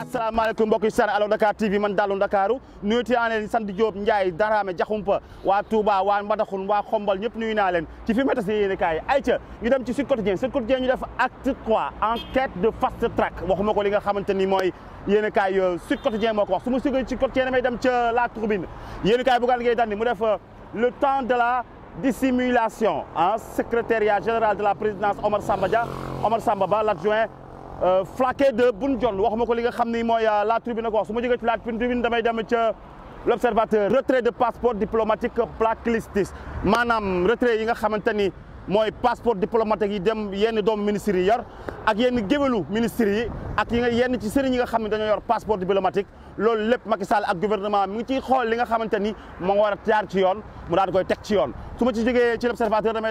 asalaamaaleykum mbokk yi seen Allo Dakar TV man dallu Ndakaaru nuyu naa leen sant Diop Ndiaye Darame Diakhoumpa waa Touba waa Mbadakhoune waa Xombal ñëpp nuyu naa leen ci fi méta si yéen kaay yi ayca ñu dem ci Sud Quotidien Sud Quotidien ñu def acte 3 enquête de fast track waxuma ko li nga xamante ni mooy yéen kaay euh, Sud Quotidien moo ko wax su ma sugee ci Sud Quotidien damay dem ca la Tribune yéen kaay bu gaan ngay dandi mu def euh, le temps de la dissimulation hein, secrétariat général de la présidence Omar Sambadja, Omar Samba Ba l'adjoint euh, flaqué de Boun je wax sais pas li nga xam euh, la tribune ko wax su la tribune damay dem retrait de passeport diplomatique blacklisté Manam, retrait yi nga moy passeport diplomatique yi dem yenn ak yenn yi ak yenn ci passeport diplomatique le Macky gouvernement mi ngi ci yoon mu koy ci yoon ci ci l'observateur dama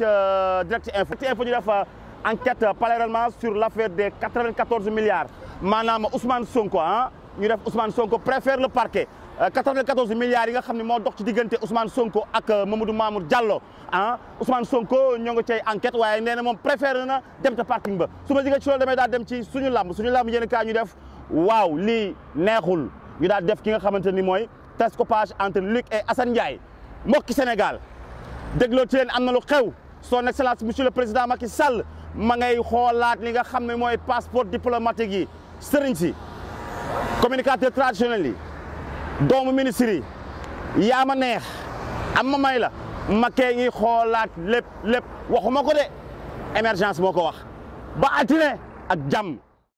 euh, direct info euh, enquête euh, parallèlement sur l'affaire des 94 milliards Madame Ousmane ah, Ousmane Sonko préfère le parquet 94 euh, milliards yi nga dox ci Ousmane Sonko ak euh, Mamadou Mamour Diallo ah, Ousmane Sonko ñoo ngi une enquête waye néna na na dem parking ba ci dem ci suñu suñu ñu def def ki nga entre Luc et Assane Ndiaye Sénégal ci son excellence monsieur le président Macky Sall ma ngay li nga passeport diplomatique yi communicateur traditionnel doomu ministre yi yaa ma neex am ma may la Macky ngi xoolaat lépp lépp waxuma ko de émergence moo ko wax ba altine ak jàmm